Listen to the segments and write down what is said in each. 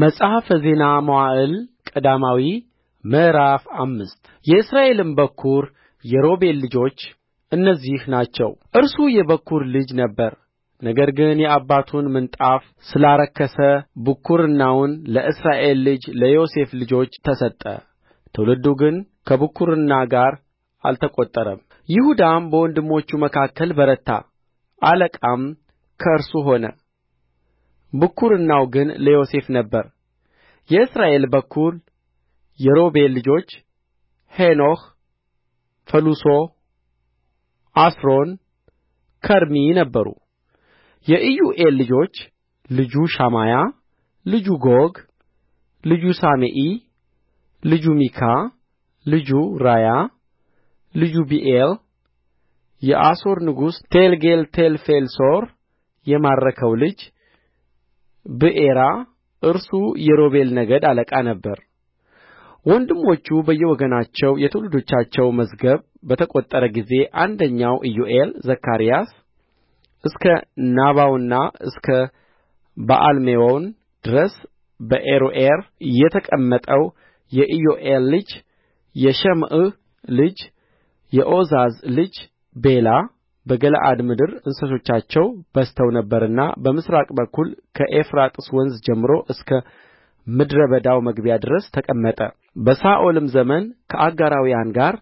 መጽሐፈ ዜና መዋዕል ቀዳማዊ ምዕራፍ አምስት የእስራኤልም በኵር የሮቤል ልጆች እነዚህ ናቸው እርሱ የበኵር ልጅ ነበረ ነገር ግን የአባቱን ምንጣፍ ስላረከሰ ብኵርናውን ለእስራኤል ልጅ ለዮሴፍ ልጆች ተሰጠ ትውልዱ ግን ከብኵርና ጋር አልተቈጠረም ይሁዳም በወንድሞቹ መካከል በረታ አለቃም ከእርሱ ሆነ ብኵርናው ግን ለዮሴፍ ነበረ የእስራኤል በኵር የሮቤል ልጆች ሄኖኅ ፈሉሶ አስሮን ከርሚ ነበሩ የኢዮኤል ልጆች ልጁ ሻማያ ልጁ ጎግ ልጁ ሰሜኢ ልጁ ሚካ ልጁ ራያ ልጁ ቢኤል የአሦር ንጉሥ ቴልጌልቴልፌልሶር የማረከው ልጅ ብኤራ እርሱ የሮቤል ነገድ አለቃ ነበረ ወንድሞቹ በየወገናቸው የትውልዶቻቸው መዝገብ በተቈጠረ ጊዜ አንደኛው ኢዮኤል ዘካርያስ እስከ ናባውና እስከ በኣልሜዎን ድረስ በአሮዔር የተቀመጠው የኢዮኤል ልጅ የሸምዕ ልጅ የዖዛዝ ልጅ ቤላ በገለዓድ ምድር እንስሶቻቸው በዝተው ነበርና በምሥራቅ በኩል ከኤፍራጥስ ወንዝ ጀምሮ እስከ ምድረ በዳው መግቢያ ድረስ ተቀመጠ በሳኦልም ዘመን ከአጋራውያን ጋር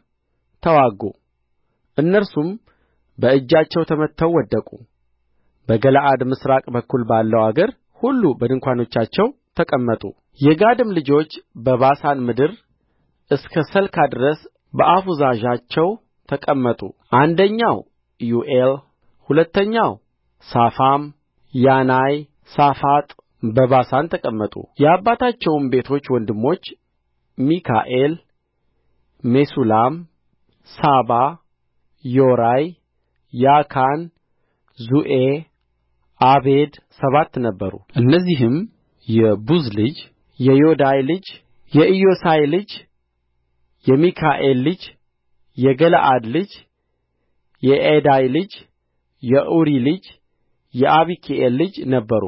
ተዋጉ እነርሱም በእጃቸው ተመትተው ወደቁ በገለዓድ ምሥራቅ በኩል ባለው አገር ሁሉ በድንኳኖቻቸው ተቀመጡ የጋድም ልጆች በባሳን ምድር እስከ ሰልካ ድረስ በአፋዛዣቸው ተቀመጡ አንደኛው ዩኤል ሁለተኛው ሳፋም ያናይ ሳፋጥ በባሳን ተቀመጡ የአባቶቻቸውም ቤቶች ወንድሞች ሚካኤል ሜሱላም ሳባ ዮራይ ያካን ዙኤ አቤድ ሰባት ነበሩ እነዚህም የቡዝ ልጅ የዮዳይ ልጅ የኢዮሳይ ልጅ የሚካኤል ልጅ የገለዓድ ልጅ የኢዳይ ልጅ የኡሪ ልጅ የአቢካኢል ልጅ ነበሩ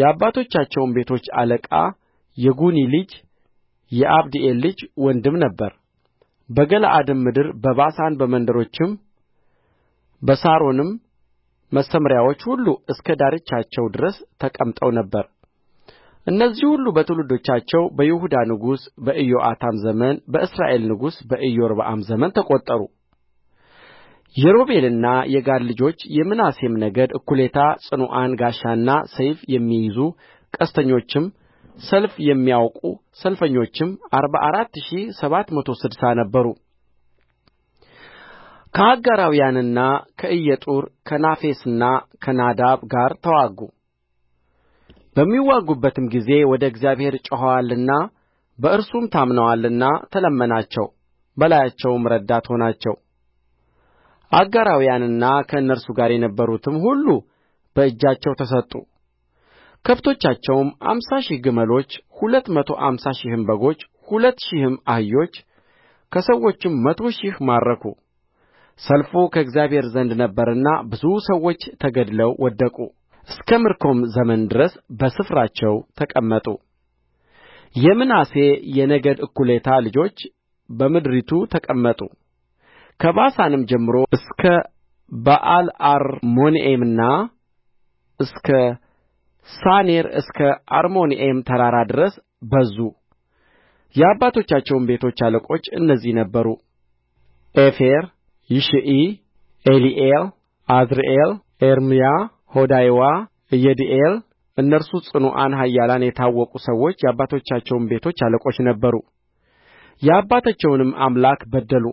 የአባቶቻቸውም ቤቶች አለቃ የጉኒ ልጅ የአብዲኤል ልጅ ወንድም ነበረ በገለዓድም ምድር በባሳን በመንደሮቹም በሳሮንም መሰምርያዎች ሁሉ እስከ ዳርቻቸው ድረስ ተቀምጠው ነበር እነዚህ ሁሉ በትውልዶቻቸው በይሁዳ ንጉሥ በኢዮአታም ዘመን በእስራኤል ንጉሥ በኢዮርብዓም ዘመን ተቈጠሩ የሮቤልና የጋድ ልጆች የምናሴም ነገድ እኩሌታ ጽኑዓን ጋሻና ሰይፍ የሚይዙ ቀስተኞችም ሰልፍ የሚያውቁ ሰልፈኞችም አርባ አራት ሺህ ሰባት መቶ ስድሳ ነበሩ ከአጋራውያንና ከእየጡር ከናፌስና ከናዳብ ጋር ተዋጉ በሚዋጉበትም ጊዜ ወደ እግዚአብሔር ጮኸዋልና በእርሱም ታምነዋልና ተለመናቸው በላያቸውም ረዳት ሆናቸው አጋራውያንና ከእነርሱ ጋር የነበሩትም ሁሉ በእጃቸው ተሰጡ ከብቶቻቸውም አምሳ ሺህ ግመሎች ሁለት መቶ አምሳ ሺህም በጎች ሁለት ሺህም አህዮች ከሰዎችም መቶ ሺህ ማረኩ ሰልፉ ከእግዚአብሔር ዘንድ ነበረና ብዙ ሰዎች ተገድለው ወደቁ እስከ ምርኮም ዘመን ድረስ በስፍራቸው ተቀመጡ የምናሴ የነገድ እኩሌታ ልጆች በምድሪቱ ተቀመጡ ከባሳንም ጀምሮ እስከ በኣልአርሞንዔምና እስከ ሳኔር እስከ አርሞንዔም ተራራ ድረስ በዙ የአባቶቻቸውም ቤቶች አለቆች እነዚህ ነበሩ ዔፌር ይሽዒ ኤሊኤል ዓዝርኤል ኤርምያ ሆዳይዋ ኢየድኤል እነርሱ ጽኑዓን ኃያላን የታወቁ ሰዎች የአባቶቻቸውም ቤቶች አለቆች ነበሩ የአባታቸውንም አምላክ በደሉ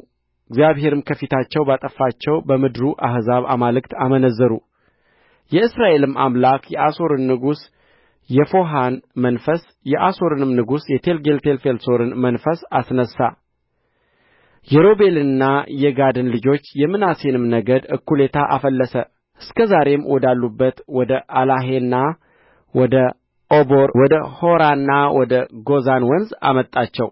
እግዚአብሔርም ከፊታቸው ባጠፋቸው በምድሩ አሕዛብ አማልክት አመነዘሩ የእስራኤልም አምላክ የአሦርን ንጉሥ የፎሐን መንፈስ የአሦርንም ንጉሥ የቴልጌልቴልፌልሶርን መንፈስ አስነሣ የሮቤልንና የጋድን ልጆች የምናሴንም ነገድ እኩሌታ አፈለሰ እስከ ዛሬም ወዳሉበት ወደ አላሄና ወደ ኦቦር ወደ ሆራና ወደ ጎዛን ወንዝ አመጣቸው